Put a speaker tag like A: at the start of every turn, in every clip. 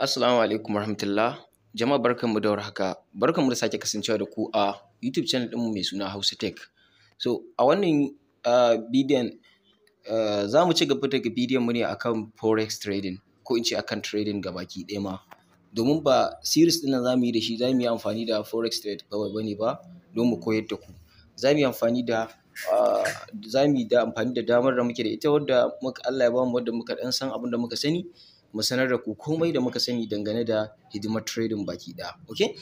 A: Assalamu alaikum warahmatullah Jama'a barkanmu da warhaka, barkanmu da sake kasancewa da ku a YouTube channel ɗinmu mai suna Hausa Tech. So a wannan bidiyon za mu ci gaba daga bidiyon mu ne akan forex trading ko in ce akan trading baki ɗaya ma. Domin ba series ɗin nan za mu yi da shi za mu yi amfani da forex trade kawai bane ba don mu koyar da ku. Za mu yi amfani da za mu yi da amfani da damar da muke da ita wadda muka Allah ya mu wadda muka ɗan san abin da muka sani. mu sanar da ku komai da muka sani dangane da hidimar trading baki ɗaya okay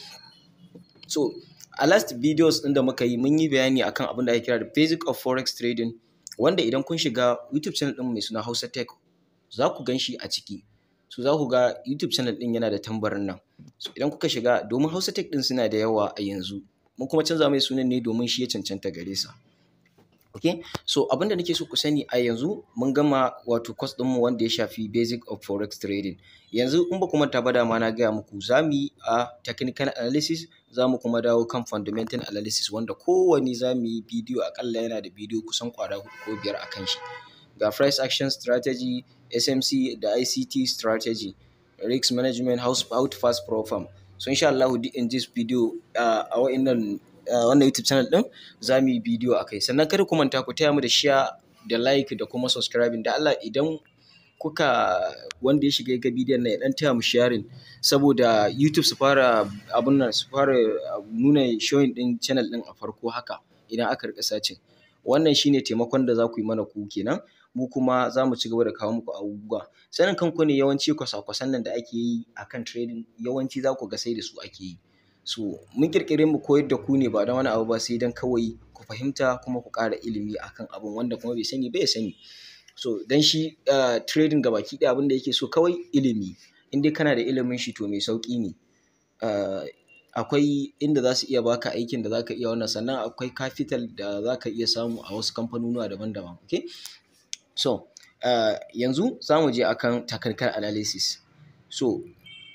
A: so a last videos ɗin da muka yi mun yi bayani akan abin da ake kira da basic of forex trading wanda idan kun shiga youtube channel ɗin mai suna hausa tech za ku gan shi a ciki so za ku ga youtube channel ɗin yana da tambarin nan so idan kuka shiga domin hausa tech ɗin suna da yawa a yanzu mun kuma canza mai sunan ne domin shi ya cancanta gare sa Okay, so abinda nake so ku sani a yanzu mun gama wato course ɗinmu wanda ya shafi basic of forex trading. Yanzu in ba ku manta ba dama na gaya muku za mu yi a technical analysis za mu kuma dawo kan fundamental analysis wanda kowane za mu yi bidiyo akalla yana da bidiyo kusan kwara hudu ko biyar akan shi. Ga price action strategy, SMC da ICT strategy, risk management, house out fast perform. So insha Allah in this video uh, a wa'annan Eh, wannan YouTube channel din za mu yi bidiyo a kai. Sannan kada ku manta ku taya mu da share da like da kuma subscribing da Allah idan kuka wanda ya shiga ga bidiyon nan ya dan taya mu sharing saboda YouTube su fara abun nan su fara nuna showing din channel din a farko haka idan aka rika sacin. Wannan shine taimakon da za ku yi mana ku kenan. mu kuma za mu ci gaba da kawo muku abubuwa sanin kanku ne yawanci kwasa-kwasan nan da ake yi akan trading yawanci za ku ga sai da su ake yi So mun ƙirƙire mu koyar da ku ne ba don wani abu ba sai don kawai ku fahimta kuma ku ƙara ilimi akan abun wanda kuma bai sani bai sani. So don shi uh, trading gabaki ɗaya abin da yake so kawai ilimi. In dai kana da ilimin shi to mai sauki ne. Eh, akwai inda za su iya baka aikin da za ka iya wannan sannan akwai capital da za ka iya samu a wasu kamfanonuwa daban-daban okay so eh, yanzu za mu je akan takarkar analysis so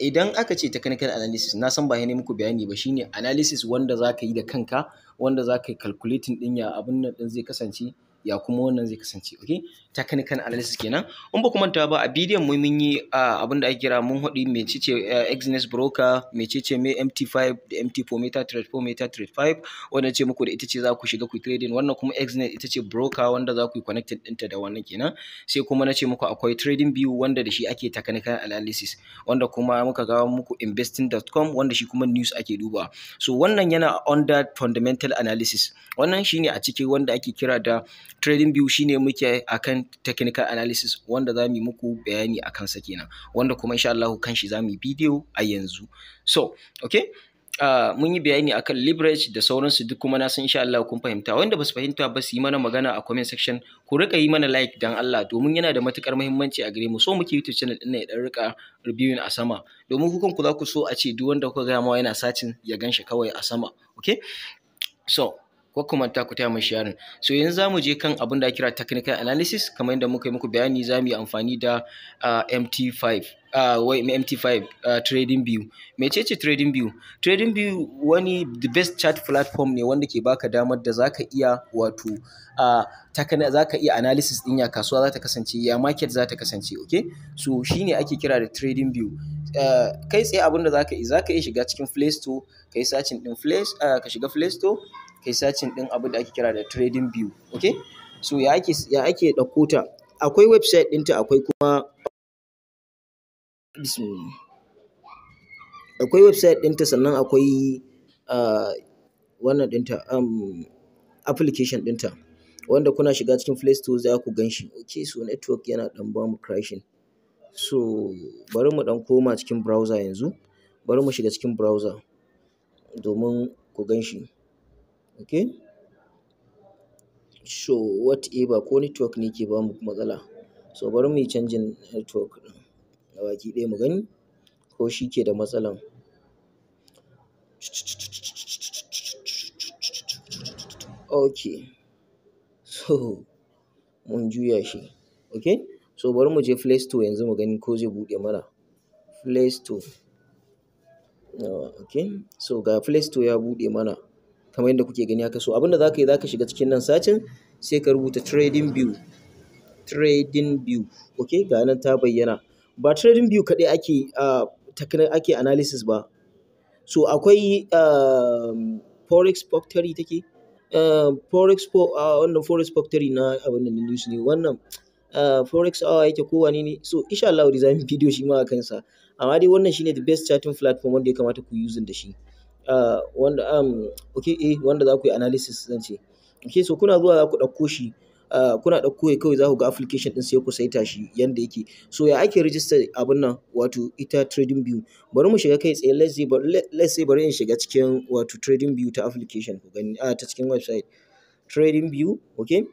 A: idan aka ce technical analysis na san ba ne muku bayani ba shine analysis wanda za ka yi da kanka wanda za ka yi calculating din ya abin nan din zai kasance ya kuma wannan zai kasance okay technical analysis kenan in ba ku manta ba a bidiyon mu mun yi abin da ake kira mun ce mecece exynos eh, broker mecece me mt5 da mt4 meta trade 4 meta trade 5 wanda ce muku da ita ce za ku shiga ku trading wannan kuma exynos ita ce broker wanda za ku yi connected ɗinta da wannan kenan sai kuma na ce muku akwai trading view wanda da shi ake technical analysis wanda kuma muka ga muku investing.com wanda shi kuma news ake duba so wannan yana under fundamental technical analysis wannan shine a cikin wanda ake kira da trading view shine muke akan technical analysis wanda za mu muku bayani a kansa kenan wanda kuma insha Allah kan shi za mu yi bidiyo a yanzu so okay Uh, mun yi bayani akan leverage da sauransu duk kuma na san insha Allah kun fahimta wanda basu fahimta ba su yi mana magana a comment section ku rika yi mana like dan Allah domin yana da matukar muhimmanci a gare mu so muke YouTube channel din ya dan rika reviewing a sama domin ku za ku so a ce duk wanda kuka ga ma yana sacin ya ganshi kawai a sama okay So ko kuma ta ku taya mai sharing so yanzu zamu je kan abin da kira technical analysis kamar yadda muka yi muku bayani zamu yi amfani da ah, MT5 ah, wai MT5 ah, trading view mecece trading view trading view wani the best chart platform ne wanda ke baka damar da zaka iya wato za zaka iya analysis din ya kasuwa za ta kasance ya market za ta kasance okay so shine ake kira da trading view kai tsaye abin da zaka yi zaka iya shiga cikin play store kai searching din play ka shiga play store kai sacin ɗin abu da ake kira da trading view okay so ya ake ya ake ɗauko ta akwai website ɗinta akwai kuma akwai website ɗinta sannan akwai ah, wannan ɗinta um, application ɗinta wanda kuna shiga cikin play store za ku gan shi okay so network yana ɗan ba mu crashing so bari mu ɗan koma cikin browser yanzu bari mu shiga cikin browser domin ku gan shi Okay? So ever ko network ne ke bamu matsala. So bari mu yi canjin network ɗin gabaki ɗaya mu gani ko shi ke da matsalan. Okay. So mun juya shi. Okay? So bari mu je Play Store yanzu mu gani ko zai buɗe mana. Play Store. Okay? So ga Play Store ya buɗe mana. kamar yadda kuke gani haka so abinda zaka yi ka shiga cikin nan sacin sai ka rubuta trading view trading view okay ga nan ta bayyana ba trading view kaɗai ake takinan ake analysis ba so akwai forex factory take forex wannan forex factory na abin nan news ne wannan forex hour yake kowa ne ne so insha Allah za mu bidiyo shi ma a kansa amma dai wannan shine the best chatting platform wanda ya kamata ku using da shi wanda um, okay eh wanda za ku yi analysis zan ce okay so kuna zuwa za ku ɗauko shi Uh, kuna ɗauko ya kawai za ku ga application ɗin sai ku saita shi yanda yake so ya ake register abin nan wato ita trading view bari mu shiga kai tsaye let's say bari in shiga cikin wato trading view ta application ku gani a ta cikin website trading view okay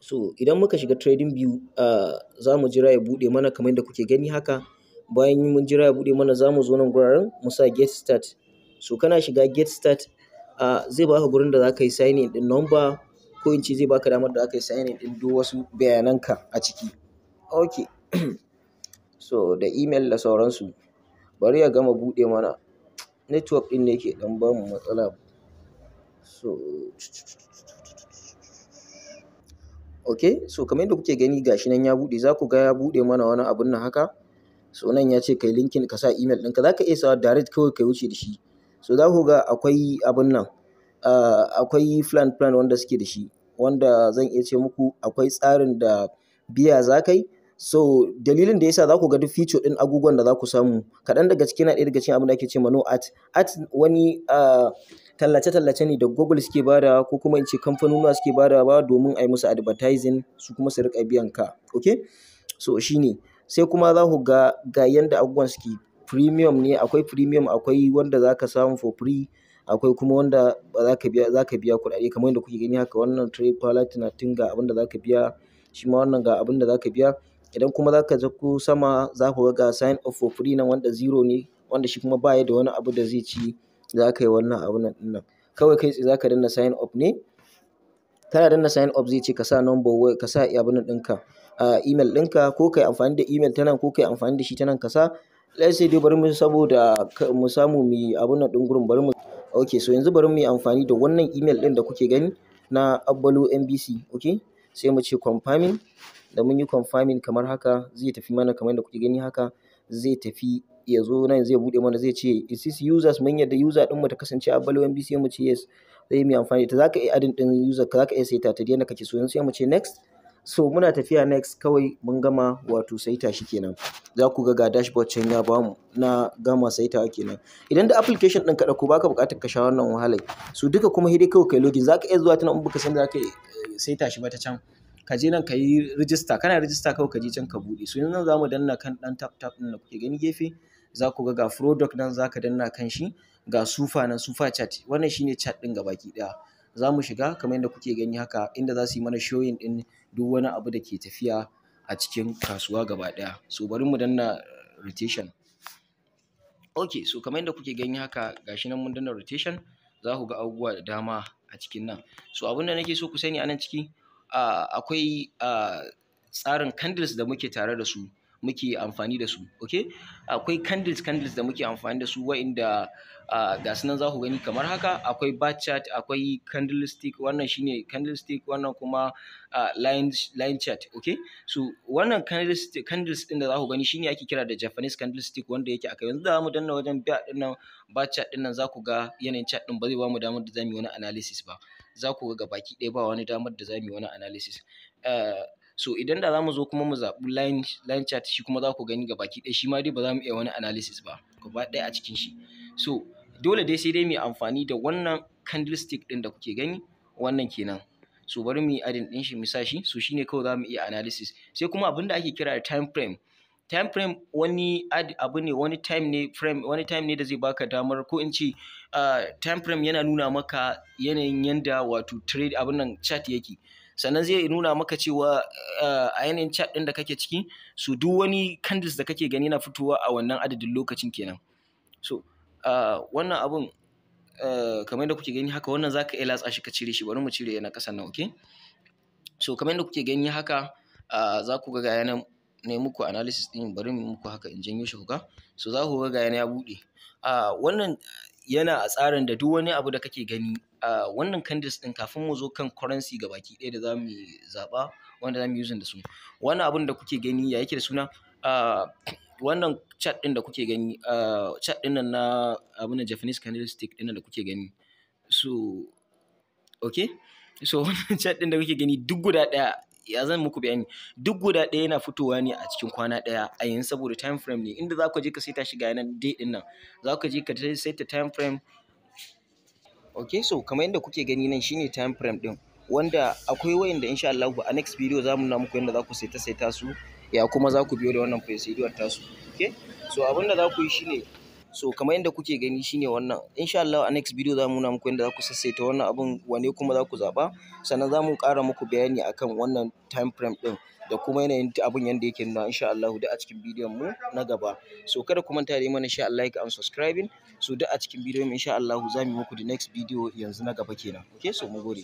A: so idan muka shiga trading view uh, za mu jira ya buɗe mana kamar yadda kuke gani haka bayan mun jira ya buɗe mana za mu zo nan guraren mu sa get start So kana shiga get start uh, zai baka gurin da za ka yi signing ɗin number ko in ce zai baka damar da za ka yi signing ɗin duk wasu bayananka a ciki. Ok, so da email da sauransu. Bari ya gama bude mana. Network din ne ke dan bamu matsala. So ok, so kamar yadda kuke gani gashi nan ya bude za ku ga ya buɗe mana wani abun nan haka. So nan ya ce kai linkin ka sa email ɗinka za ka iya sawa direct kawai ka wuce da shi. so za ku ga akwai abin nan ah, akwai plan plan wanda suke da shi wanda zan iya ce muku akwai tsarin da biya za kai so dalilin da yasa za ku ga duk feature ɗin agogon da za ku samu kaɗan daga ciki na ɗaya daga cikin abin da ake ce ma no art art wani ah, tallace-tallace ne da google suke bada ko kuma in ce kamfanonuwa suke bada ba domin a yi musu advertising su kuma su riƙa biyan ka okay so shine sai kuma za ku ga ga yanda abubuwan suke premium ne akwai premium akwai wanda zaka samu for free akwai kuma wanda ba ka biya zaka biya kuɗaɗe kamar yadda kuke gani haka wannan tray na tun ga abinda zaka biya shi ma wannan ga abinda zaka biya idan kuma zaka sauko sama za ga ga sign up for free nan wanda zero ne wanda shi kuma baya da wani abu da zai ci ka yi wannan abu nan ɗin kawai kai tsaye zaka danna sign up ne kana danna sign up zai ce ka sa number wai ka sa abin nan ɗinka email ɗinka ko kai amfani da email ta nan ko kai amfani da shi ta nan ka sa Let's say dai bari mu saboda mu samu mu yi abun nan din gurin bari mu ok so yanzu bari mu yi amfani da wannan email din da kuke gani na abbalo nbc ok sai mu ce confirming da mun yi confirming kamar haka zai tafi mana kamar da kuke gani haka zai tafi ya zo nan zai bude mana zai ce is this users mun yadda user din mu ta kasance abbalo nbc mu ce yes zai mu yi amfani da zaka yi iya adin din user ka za ka iya saita ta yadda kake so yanzu sai mu ce next so muna tafiya next kawai mun gama wato saita shi kenan za ku ga ga dashboard can ya bamu na gama saitawa kenan idan da application ɗin ka ɗauko baka buƙatar ka sha wannan wahalar su duka kuma hidai kawai kai login za ka iya zuwa ta nan baka san da za ka eh, saita shi ba ta can ka je nan ka yi rijista kana rijista kawai ka je can ka buɗe so yanzu nan za mu danna kan ɗan tap tap ɗin da kuke gani gefe za ku ga ga product nan za ka danna kan shi ga sufa nan sufa chat wannan shine chat ɗin gabaki ɗaya za mu shiga kamar yadda kuke gani haka inda za su yi mana showing ɗin duk wani abu da ke tafiya a cikin kasuwa gaba ɗaya so bari mu danna rotation ok so kamar yadda kuke gani haka gashi nan mun danna rotation za ku ga abubuwa da dama a cikin nan so abin da nake so ku sani a nan ciki akwai tsarin candles da muke tare da su muke amfani da su okay akwai candles candles da muke amfani da su wa'inda ga su nan za ku gani kamar haka akwai bat chart akwai candlestick wannan shine candlestick wannan kuma line chat chart okay so wannan candles din da za ku gani shine ake kira da Japanese candlestick wanda yake aka yanzu da mu danna wajen biya dinnan nan chart din nan za ku ga yanayin chart din ba zai ba mu damar da mu yi wani analysis ba za ku ga gabaki ɗaya ba wani damar da mu yi wani analysis so idan da mu zo kuma mu zaɓi line line chart shi kuma za ku gani ga baki ɗaya shi ma dai ba za mu iya wani analysis ba gaba ɗaya a cikin shi so dole dai sai dai mu amfani da wannan candlestick ɗin da kuke gani wannan kenan so bari mu yi adin ɗin shi mu sa shi so shine kawai za mu iya analysis sai kuma abin da ake kira da time frame time frame wani abu ne wani time ne frame wani time ne da zai baka damar ko in ce uh, time frame yana nuna maka yanayin yanda wato trade abin nan chart yake sannan zai nuna maka cewa eh, a yanayin chat ɗin da kake ciki su duk wani candles da kake gani na fitowa a wannan adadin lokacin kenan so eh, wannan abun eh, kamar da kuke gani haka wannan zaka iya latsa shi ka cire shi bari mu cire yana ƙasan nan okay so kamar da kuke gani haka za ku ga yana ne muku analysis ɗin bari mu muku haka in janyo shi kuka so za ku ga yana ya buɗe wannan yana a tsarin da duk wani abu da kake gani a wannan candles ɗin kafin mu zo kan currency ga baki ɗaya da za mu zaɓa wanda za mu yi da su wannan abun da kuke gani ya yake da suna wannan chat ɗin da kuke gani chat ɗin nan na abin da Japanese candlestick ɗin da kuke gani so okay so wannan chat ɗin da kuke gani duk guda ɗaya ya zan muku bayani duk guda ɗaya yana fitowa ne a cikin kwana ɗaya a yanzu saboda time frame ne inda za ku je ka saita ta shiga yanan date ɗin nan za ku je ka saita time frame ok so kamar yadda kuke gani nan shine time frame ɗin wanda akwai wayanda insha Allah a next video za mu nuna muku yadda za ku saita saita su ya kuma za ku biyo da wannan procedure tasu ok so abin da za ku yi shine So kamar yadda kuke gani shine wannan insha Allah a next video za mu nuna muku yadda za ku sassaita wannan abun wane kuma zaku zaba? zaɓa sannan za mu ƙara muku bayani akan wannan time frame ɗin da kuma yanayin abun yanda yake nuna insha Allah duk a cikin bidiyon mu na gaba. So kada ku manta da yi mana share like and subscribing so duk a cikin bidiyon mu insha Allah za mu yi muku the next video yanzu na gaba kenan. Okay so mu gode.